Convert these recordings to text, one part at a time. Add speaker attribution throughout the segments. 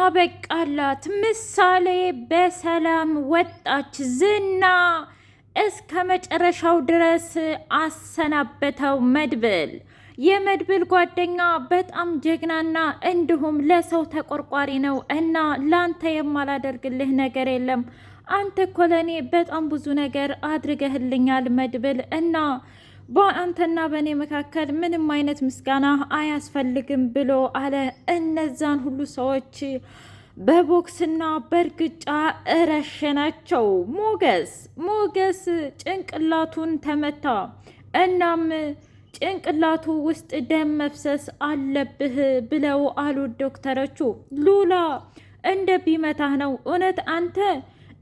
Speaker 1: አበቃላት። ምሳሌ በሰላም ወጣች። ዝና እስከ መጨረሻው ድረስ አሰናበተው። መድብል የመድብል ጓደኛ በጣም ጀግናና እንዲሁም ለሰው ተቆርቋሪ ነው እና ላንተ የማላደርግልህ ነገር የለም። አንተ እኮ ለእኔ በጣም ብዙ ነገር አድርገህልኛል መድብል እና በአንተና በእኔ መካከል ምንም አይነት ምስጋና አያስፈልግም ብሎ አለ። እነዛን ሁሉ ሰዎች በቦክስና በእርግጫ እረሸናቸው። ሞገስ ሞገስ ጭንቅላቱን ተመታ። እናም ጭንቅላቱ ውስጥ ደም መፍሰስ አለብህ ብለው አሉት ዶክተሮቹ። ሉላ እንደ ቢመታህ ነው እውነት አንተ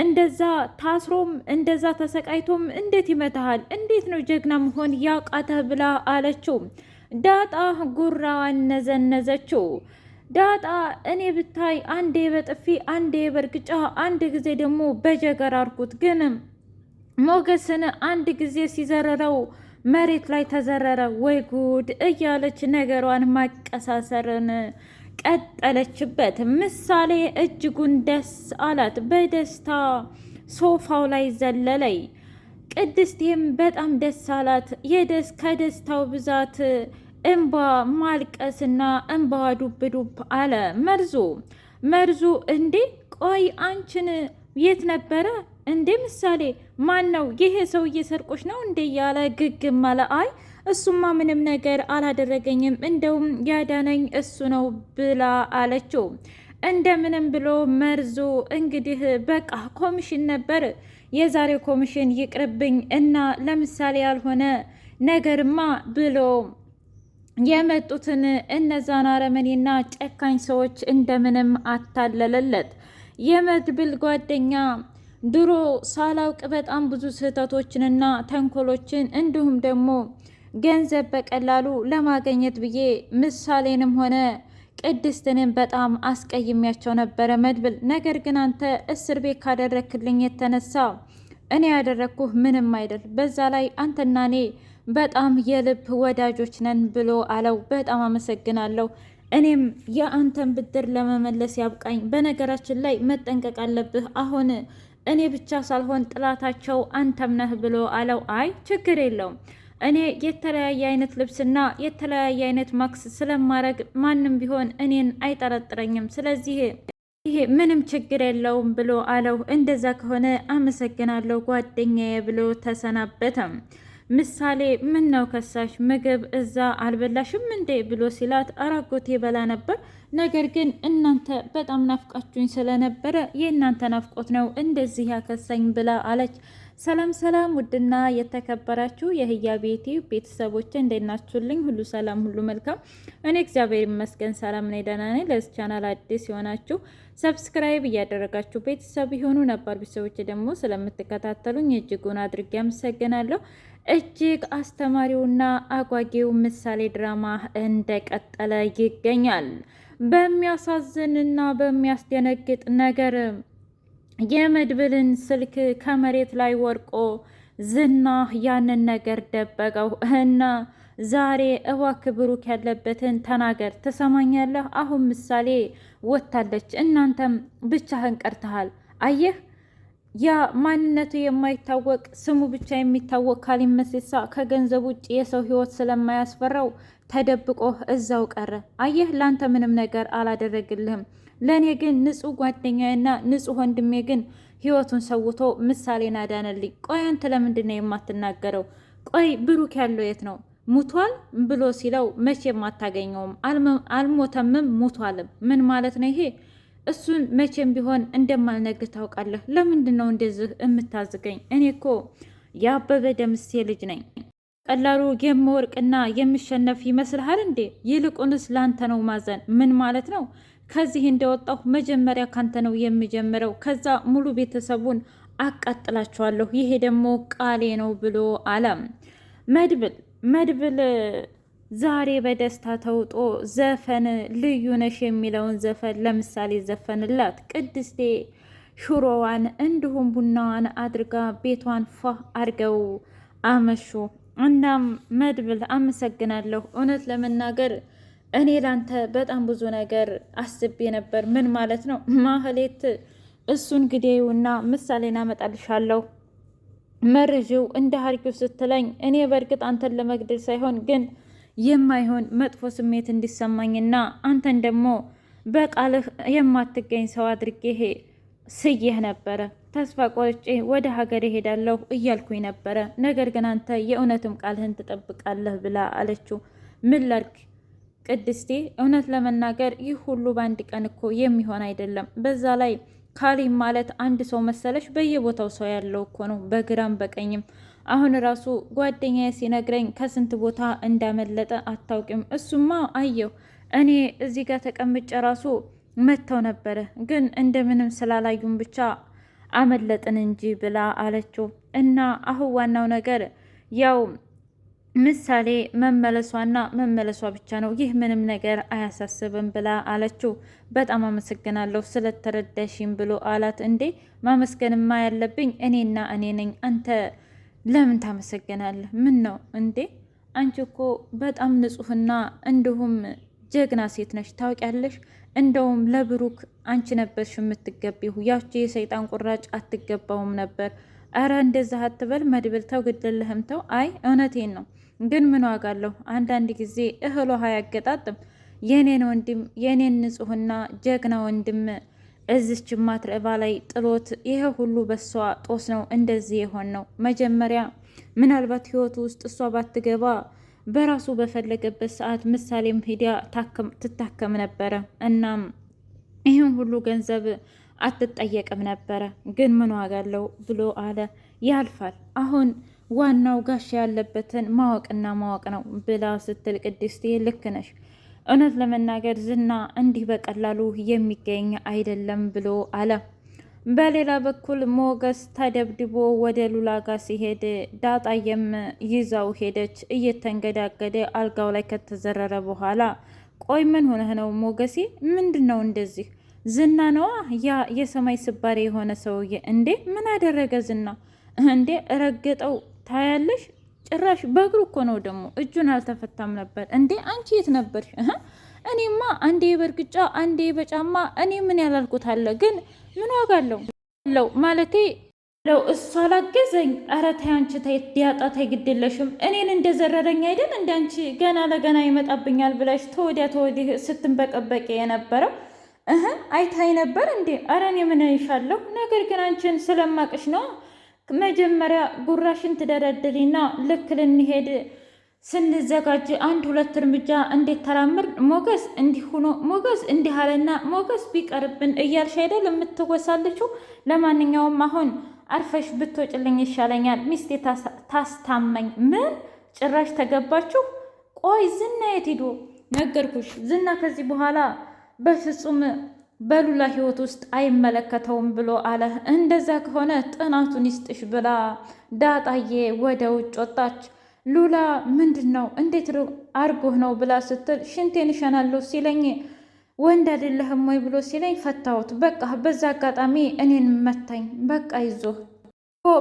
Speaker 1: እንደዛ ታስሮም እንደዛ ተሰቃይቶም እንዴት ይመታሃል? እንዴት ነው ጀግና መሆን ያቃተ ብላ አለችው። ዳጣ ጉራዋን ነዘነዘችው። ዳጣ እኔ ብታይ አንዴ በጥፊ አንዴ በእርግጫ አንድ ጊዜ ደግሞ በጀገር አርኩት፣ ግን ሞገስን አንድ ጊዜ ሲዘረረው መሬት ላይ ተዘረረ። ወይ ጉድ እያለች ነገሯን ማቀሳሰርን ቀጠለችበት። ምሳሌ እጅጉን ደስ አላት። በደስታ ሶፋው ላይ ዘለለይ ቅድስቴም በጣም ደስ አላት። የደስ ከደስታው ብዛት እንባ ማልቀስና እንባ ዱብ ዱብ አለ። መርዙ መርዙ እንዴ ቆይ አንቺን የት ነበረ እንዴ? ምሳሌ ማን ነው ይሄ ሰውዬ? ሰርቆች ነው እንዴ? ያለ ግግም አለ። አይ እሱማ ምንም ነገር አላደረገኝም፣ እንደውም ያዳነኝ እሱ ነው ብላ አለችው። እንደምንም ብሎ መርዞ እንግዲህ በቃ ኮሚሽን ነበር የዛሬ ኮሚሽን ይቅርብኝ እና ለምሳሌ ያልሆነ ነገርማ ብሎ የመጡትን እነዛን አረመኔና ጨካኝ ሰዎች እንደምንም አታለለለት። የመድብል ጓደኛ ድሮ ሳላውቅ በጣም ብዙ ስህተቶችንና ተንኮሎችን እንዲሁም ደግሞ ገንዘብ በቀላሉ ለማገኘት ብዬ ምሳሌንም ሆነ ቅድስትንም በጣም አስቀይሜያቸው ነበረ መድብል። ነገር ግን አንተ እስር ቤት ካደረክልኝ የተነሳ እኔ ያደረግኩህ ምንም አይደል። በዛ ላይ አንተና እኔ በጣም የልብ ወዳጆች ነን ብሎ አለው። በጣም አመሰግናለሁ እኔም የአንተን ብድር ለመመለስ ያብቃኝ። በነገራችን ላይ መጠንቀቅ አለብህ አሁን እኔ ብቻ ሳልሆን ጥላታቸው አንተም ነህ ብሎ አለው። አይ ችግር የለውም እኔ የተለያየ አይነት ልብስና የተለያየ አይነት ማክስ ስለማረግ ማንም ቢሆን እኔን አይጠረጥረኝም። ስለዚህ ይሄ ምንም ችግር የለውም ብሎ አለው። እንደዛ ከሆነ አመሰግናለሁ ጓደኛዬ ብሎ ተሰናበተም። ምሳሌ ምን ነው ከሳሽ ምግብ እዛ አልበላሽም እንዴ ብሎ ሲላት አራጎቴ በላ ነበር፣ ነገር ግን እናንተ በጣም ናፍቃችሁኝ ስለነበረ የእናንተ ናፍቆት ነው እንደዚህ ያከሳኝ ብላ አለች። ሰላም ሰላም፣ ውድና የተከበራችሁ የህያ ቤቴ ቤተሰቦች እንደናችሁልኝ፣ ሁሉ ሰላም፣ ሁሉ መልካም። እኔ እግዚአብሔር ይመስገን ሰላም ነኝ፣ ደህና ነኝ። ለዚህ ቻናል አዲስ የሆናችሁ ሰብስክራይብ እያደረጋችሁ ቤተሰብ የሆኑ ነባር ቤተሰቦች ደግሞ ስለምትከታተሉኝ እጅጉን አድርጌ አመሰግናለሁ። እጅግ አስተማሪውና አጓጊው ምሳሌ ድራማ እንደቀጠለ ይገኛል። በሚያሳዝንና በሚያስደነግጥ ነገር የመድብልን ስልክ ከመሬት ላይ ወርቆ ዝና ያንን ነገር ደበቀው እና ዛሬ እባክህ ብሩክ ያለበትን ተናገር። ትሰማኛለህ? አሁን ምሳሌ ወታለች፣ እናንተም ብቻህን ቀርተሃል። አየህ ያ ማንነቱ የማይታወቅ ስሙ ብቻ የሚታወቅ ካሊብ መሴሳ ከገንዘብ ውጭ የሰው ሕይወት ስለማያስፈራው ተደብቆ እዛው ቀረ። አየህ ላንተ ምንም ነገር አላደረግልህም። ለእኔ ግን ንጹህ ጓደኛዬና ንጹህ ወንድሜ ግን ህይወቱን ሰውቶ ምሳሌን አዳነልኝ። ቆይ አንተ ለምንድን ነው የማትናገረው? ቆይ ብሩክ ያለው የት ነው? ሙቷል ብሎ ሲለው መቼም አታገኘውም። አልሞተምም ሙቷልም። ምን ማለት ነው ይሄ? እሱን መቼም ቢሆን እንደማልነግ ታውቃለህ። ለምንድን ነው እንደዚህ የምታዝገኝ? እኔ እኮ የአበበ ደምሴ ልጅ ነኝ። ቀላሉ የምወርቅና የምሸነፍ ይመስልሃል እንዴ? ይልቁንስ ላንተ ነው ማዘን። ምን ማለት ነው? ከዚህ እንደወጣሁ መጀመሪያ ካንተ ነው የምጀምረው። ከዛ ሙሉ ቤተሰቡን አቃጥላቸዋለሁ ይሄ ደግሞ ቃሌ ነው ብሎ አለ መድብል መድብል ዛሬ በደስታ ተውጦ ዘፈን ልዩ ነሽ የሚለውን ዘፈን ለምሳሌ ዘፈንላት። ቅድስቴ ሹሮዋን እንዲሁም ቡናዋን አድርጋ ቤቷን ፏ አድርገው አመሹ። እናም መድብል አመሰግናለሁ። እውነት ለመናገር እኔ ላንተ በጣም ብዙ ነገር አስቤ ነበር። ምን ማለት ነው? ማህሌት እሱን ግዴውና ምሳሌን አመጣልሻለሁ መርዥው እንደ ሀርጊው ስትለኝ እኔ በእርግጥ አንተን ለመግደል ሳይሆን ግን የማይሆን መጥፎ ስሜት እንዲሰማኝና አንተን ደግሞ በቃልህ የማትገኝ ሰው አድርጌ ስዬህ ነበረ። ተስፋ ቆርጬ ወደ ሀገር ይሄዳለሁ እያልኩኝ ነበረ፣ ነገር ግን አንተ የእውነትም ቃልህን ትጠብቃለህ ብላ አለችው። ምን ላድርግ ቅድስቴ፣ እውነት ለመናገር ይህ ሁሉ በአንድ ቀን እኮ የሚሆን አይደለም። በዛ ላይ ካሊም ማለት አንድ ሰው መሰለሽ በየቦታው ሰው ያለው እኮ ነው፣ በግራም በቀኝም። አሁን ራሱ ጓደኛዬ ሲነግረኝ ከስንት ቦታ እንዳመለጠ አታውቂም። እሱማ አየሁ እኔ እዚህ ጋር ተቀምጬ ራሱ መጥተው ነበረ፣ ግን እንደምንም ስላላዩን ብቻ አመለጥን እንጂ ብላ አለችው። እና አሁን ዋናው ነገር ያው ምሳሌ መመለሷና መመለሷ ብቻ ነው። ይህ ምንም ነገር አያሳስብም ብላ አለችው። በጣም አመሰግናለሁ ስለተረዳሽም ብሎ አላት። እንዴ ማመስገንማ ያለብኝ እኔና እኔ ነኝ። አንተ ለምን ታመሰግናለህ? ምን ነው እንዴ አንቺ እኮ በጣም ንጹሕና እንዲሁም ጀግና ሴት ነች ታውቂያለሽ። እንደውም ለብሩክ አንቺ ነበርሽ የምትገቢው፣ ያቺ የሰይጣን ቁራጭ አትገባውም ነበር። አረ እንደዛ አትበል መድብል፣ ተው ግድልህም ተው። አይ እውነቴን ነው፣ ግን ምን ዋጋ አለሁ? አንዳንድ ጊዜ እህል ውሃ ያገጣጥም። የኔን ወንድም የኔን ንጹህና ጀግና ወንድም እዚች ማትረባ ላይ ጥሎት ይሄ ሁሉ በሷ ጦስ ነው እንደዚህ የሆን ነው። መጀመሪያ ምናልባት ህይወቱ ውስጥ እሷ ባትገባ በራሱ በፈለገበት ሰዓት ምሳሌም ሂዲያ ትታከም ነበረ። እናም ይህም ሁሉ ገንዘብ አትጠየቅም ነበረ። ግን ምን ዋጋ አለው ብሎ አለ። ያልፋል። አሁን ዋናው ጋሽ ያለበትን ማወቅና ማወቅ ነው ብላ ስትል ቅድስት ልክ ነሽ፣ እውነት ለመናገር ዝና እንዲህ በቀላሉ የሚገኝ አይደለም ብሎ አለ። በሌላ በኩል ሞገስ ተደብድቦ ወደ ሉላ ጋር ሲሄድ ዳጣየም ይዛው ሄደች። እየተንገዳገደ አልጋው ላይ ከተዘረረ በኋላ ቆይ ምን ሆነህ ነው ሞገሴ? ምንድን ነው እንደዚህ? ዝና ነዋ ያ የሰማይ ስባሪ የሆነ ሰውዬ። እንዴ ምን አደረገ ዝና? እንዴ ረገጠው ታያለሽ። ጭራሽ በእግሩ እኮ ነው ደግሞ እጁን አልተፈታም ነበር። እንዴ አንቺ የት ነበርሽ? እኔማ አንዴ በእርግጫ አንዴ በጫማ እኔ ምን ያላልኩት አለ ግን ምን ዋጋ አለው ለው ማለቴ ለው እሷ አላገዘኝ። ኧረ ተይ አንቺ ተይ ግድለሽም እኔን እንደዘረረኝ አይደል እንደ አንቺ ገና ለገና ይመጣብኛል ብለሽ ተወዲያ ተወዲህ ስትንበቀበቂ የነበረው እህ አይታይ ነበር እንዴ? ኧረ እኔ ምን እልሻለሁ። ነገር ግን አንቺን ስለማቅሽ ነው መጀመሪያ ጉራሽን ትደረድሪና ልክ ልንሄድ ስንዘጋጅ አንድ ሁለት እርምጃ እንዴት ተራምር ሞገስ እንዲህ ሆኖ ሞገስ እንዲህ አለና ሞገስ ቢቀርብን እያልሽ አይደል የምትወሳለችው? ለማንኛውም አሁን አርፈሽ ብትወጭልኝ ይሻለኛል። ሚስቴ ታስታመኝ። ምን ጭራሽ ተገባችሁ? ቆይ ዝና የት ሄዶ? ነገርኩሽ ዝና ከዚህ በኋላ በፍጹም በሉላ ህይወት ውስጥ አይመለከተውም ብሎ አለ። እንደዛ ከሆነ ጥናቱን ይስጥሽ ብላ ዳጣዬ ወደ ውጭ ወጣች። ሉላ ምንድን ነው እንዴት አርጎህ ነው ብላ ስትል ሽንቴን እሸናለሁ ሲለኝ ወንድ አይደለህም ወይ ብሎ ሲለኝ ፈታሁት። በቃ በዛ አጋጣሚ እኔን መታኝ። በቃ ይዞህ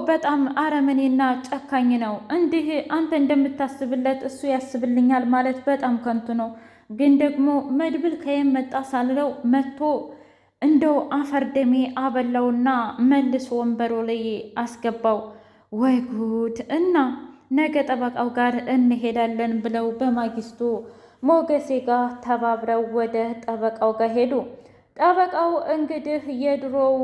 Speaker 1: በጣም አረመኔና ጨካኝ ነው። እንዲህ አንተ እንደምታስብለት እሱ ያስብልኛል ማለት በጣም ከንቱ ነው። ግን ደግሞ መድብል ከየም መጣ ሳልለው መጥቶ እንደው አፈር ደሜ አበላውና መልሶ ወንበሮ ላይ አስገባው። ወይ ጉድ እና ነገ ጠበቃው ጋር እንሄዳለን ብለው በማግስቱ ሞገሴ ጋር ተባብረው ወደ ጠበቃው ጋር ሄዱ። ጠበቃው እንግዲህ የድሮው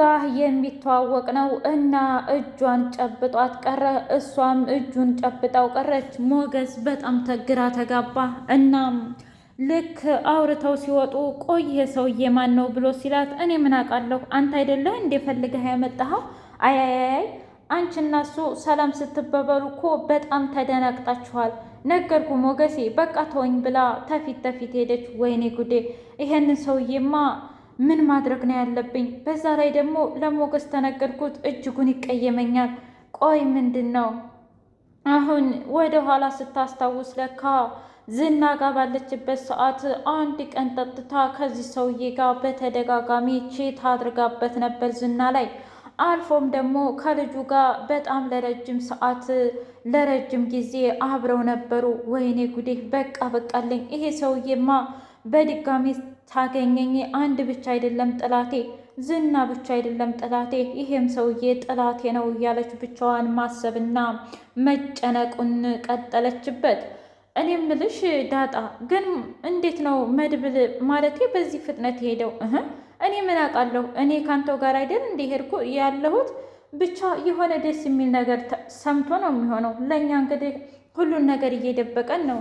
Speaker 1: ጋር የሚተዋወቅ ነው እና እጇን ጨብጧት ቀረ። እሷም እጁን ጨብጣው ቀረች። ሞገስ በጣም ተግራ ተጋባ። እናም ልክ አውርተው ሲወጡ ቆይ ሰውዬ ማን ነው ብሎ ሲላት እኔ ምን አውቃለሁ አንተ አይደለህ እንደ ፈልገህ ያመጣኸው አያያያይ አንቺ እና እሱ ሰላም ስትበበሉ እኮ በጣም ተደናግጣችኋል። ነገርኩ ሞገሴ፣ በቃ ተወኝ ብላ ተፊት ተፊት ሄደች። ወይኔ ጉዴ! ይሄንን ሰውዬማ ምን ማድረግ ነው ያለብኝ? በዛ ላይ ደግሞ ለሞገስ ተነገርኩት፣ እጅጉን ይቀየመኛል። ቆይ ምንድን ነው አሁን ወደ ኋላ ስታስታውስ ለካ ዝና ጋር ባለችበት ሰዓት አንድ ቀን ጠጥታ ከዚህ ሰውዬ ጋር በተደጋጋሚ ቼት አድርጋበት ነበር ዝና ላይ አልፎም ደግሞ ከልጁ ጋር በጣም ለረጅም ሰዓት ለረጅም ጊዜ አብረው ነበሩ። ወይኔ ጉዴ! በቃ በቃልኝ። ይሄ ሰውዬማ በድጋሚ ታገኘኝ አንድ ብቻ አይደለም ጥላቴ፣ ዝና ብቻ አይደለም ጥላቴ፣ ይሄም ሰውዬ ጥላቴ ነው እያለች ብቻዋን ማሰብና መጨነቁን ቀጠለችበት። እኔ ምልሽ ዳጣ ግን እንዴት ነው መድብል ማለቴ በዚህ ፍጥነት ሄደው እኔ ምን አውቃለሁ? እኔ ካንተ ጋር አይደል እንዲሄድኩ ያለሁት። ብቻ የሆነ ደስ የሚል ነገር ሰምቶ ነው የሚሆነው። ለእኛ እንግዲህ ሁሉን ነገር እየደበቀን ነው።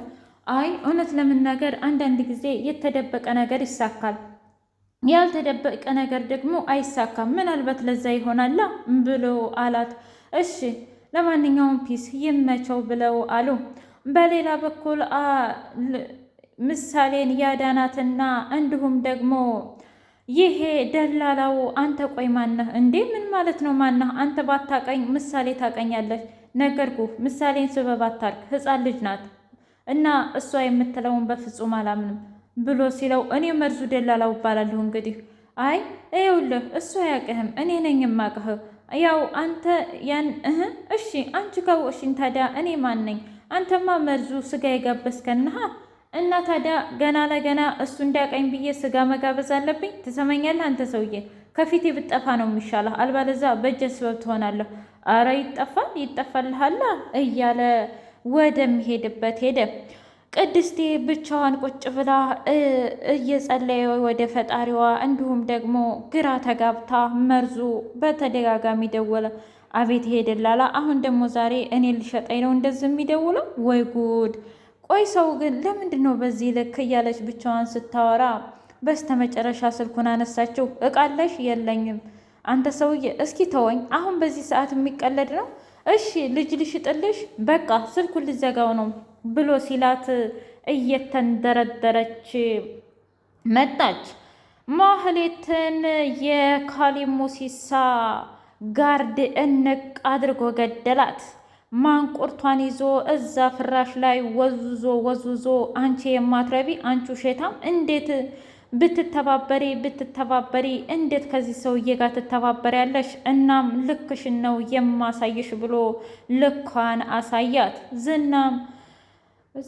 Speaker 1: አይ እውነት ለመናገር አንዳንድ ጊዜ የተደበቀ ነገር ይሳካል፣ ያልተደበቀ ነገር ደግሞ አይሳካም። ምናልባት ለዛ ይሆናላ ብሎ አላት። እሺ ለማንኛውም ፒስ ይመቸው ብለው አሉ። በሌላ በኩል ምሳሌን ያዳናትና እንዲሁም ደግሞ ይሄ ደላላው አንተ ቆይ ማነህ እንዴ? ምን ማለት ነው ማነህ? አንተ ባታቀኝ ምሳሌ ታቀኛለህ። ነገርኩ ምሳሌን ስበብ አታርግ፣ ህፃን ልጅ ናት እና እሷ የምትለውን በፍጹም አላምንም ብሎ ሲለው እኔ መርዙ ደላላው እባላለሁ እንግዲህ። አይ ይኸውልህ፣ እሱ አያውቅህም፣ እኔ ነኝ የማውቅህ። ያው አንተ ያን እህ እሺ፣ አንቺ ካወቅሽኝ ታዲያ እኔ ማን ነኝ? አንተማ መርዙ ስጋ የጋበዝከንሃ እና ታዲያ ገና ለገና እሱ እንዳያቀኝ ብዬ ስጋ መጋበዝ አለብኝ? ትሰማኛለህ አንተ ሰውዬ፣ ከፊቴ ብጠፋ ነው የሚሻለህ፣ አልባለዛ በእጀ ስበብ ትሆናለሁ። አረ ይጠፋል ይጠፋልሃላ እያለ ወደሚሄድበት ሄደ። ቅድስቴ ብቻዋን ቁጭ ብላ እየጸለየ ወደ ፈጣሪዋ፣ እንዲሁም ደግሞ ግራ ተጋብታ መርዙ በተደጋጋሚ ደወለ። አቤት ሄደላላ፣ አሁን ደግሞ ዛሬ እኔ ልሸጠኝ ነው እንደዚህ የሚደውለው? ወይ ጉድ ቆይ ሰው ግን ለምንድን ነው በዚህ ልክ እያለች ብቻዋን ስታወራ በስተ መጨረሻ ስልኩን አነሳችው። እቃለሽ የለኝም። አንተ ሰውዬ እስኪ ተወኝ። አሁን በዚህ ሰዓት የሚቀለድ ነው? እሺ ልጅ ልሽጥልሽ፣ በቃ ስልኩን ልዘጋው ነው ብሎ ሲላት እየተንደረደረች መጣች። ማህሌትን የካሊሙሲሳ ጋርድ እንቅ አድርጎ ገደላት። ማንቁርቷን ይዞ እዛ ፍራሽ ላይ ወዙዞ ወዝውዞ አንቺ የማትረቢ አንቺ ውሸታም እንዴት ብትተባበሪ ብትተባበሪ እንዴት ከዚህ ሰውዬ ጋር ትተባበሪያለሽ? እናም ልክሽን ነው የማሳይሽ ብሎ ልኳን አሳያት። ዝናም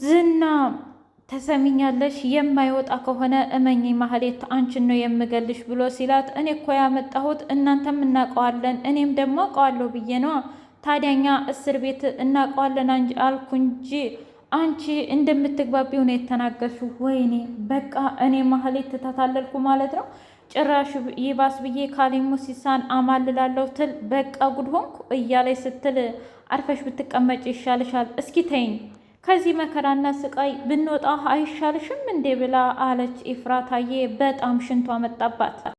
Speaker 1: ዝና ተሰሚኛለሽ የማይወጣ ከሆነ እመኝ ማህሌት አንቺን ነው የምገልሽ ብሎ ሲላት፣ እኔ እኮ ያመጣሁት እናንተም እናውቀዋለን እኔም ደግሞ አውቀዋለሁ ብዬ ነዋ ታዲያኛ እስር ቤት እናውቀዋለን አልኩ እንጂ አንቺ እንደምትግባቢው ነው የተናገሹ። ወይኔ በቃ እኔ ማህሌት ትታታለልኩ ማለት ነው። ጭራሽ ይባስ ብዬ ካሊሙ ሲሳን አማልላለሁ ትል በቃ ጉድ ሆንኩ እያለች ስትል አርፈሽ ብትቀመጭ ይሻልሻል። እስኪ ተይኝ ከዚህ መከራና ስቃይ ብንወጣ አይሻልሽም እንዴ ብላ አለች። ኤፍራታዬ በጣም ሽንቷ መጣባት።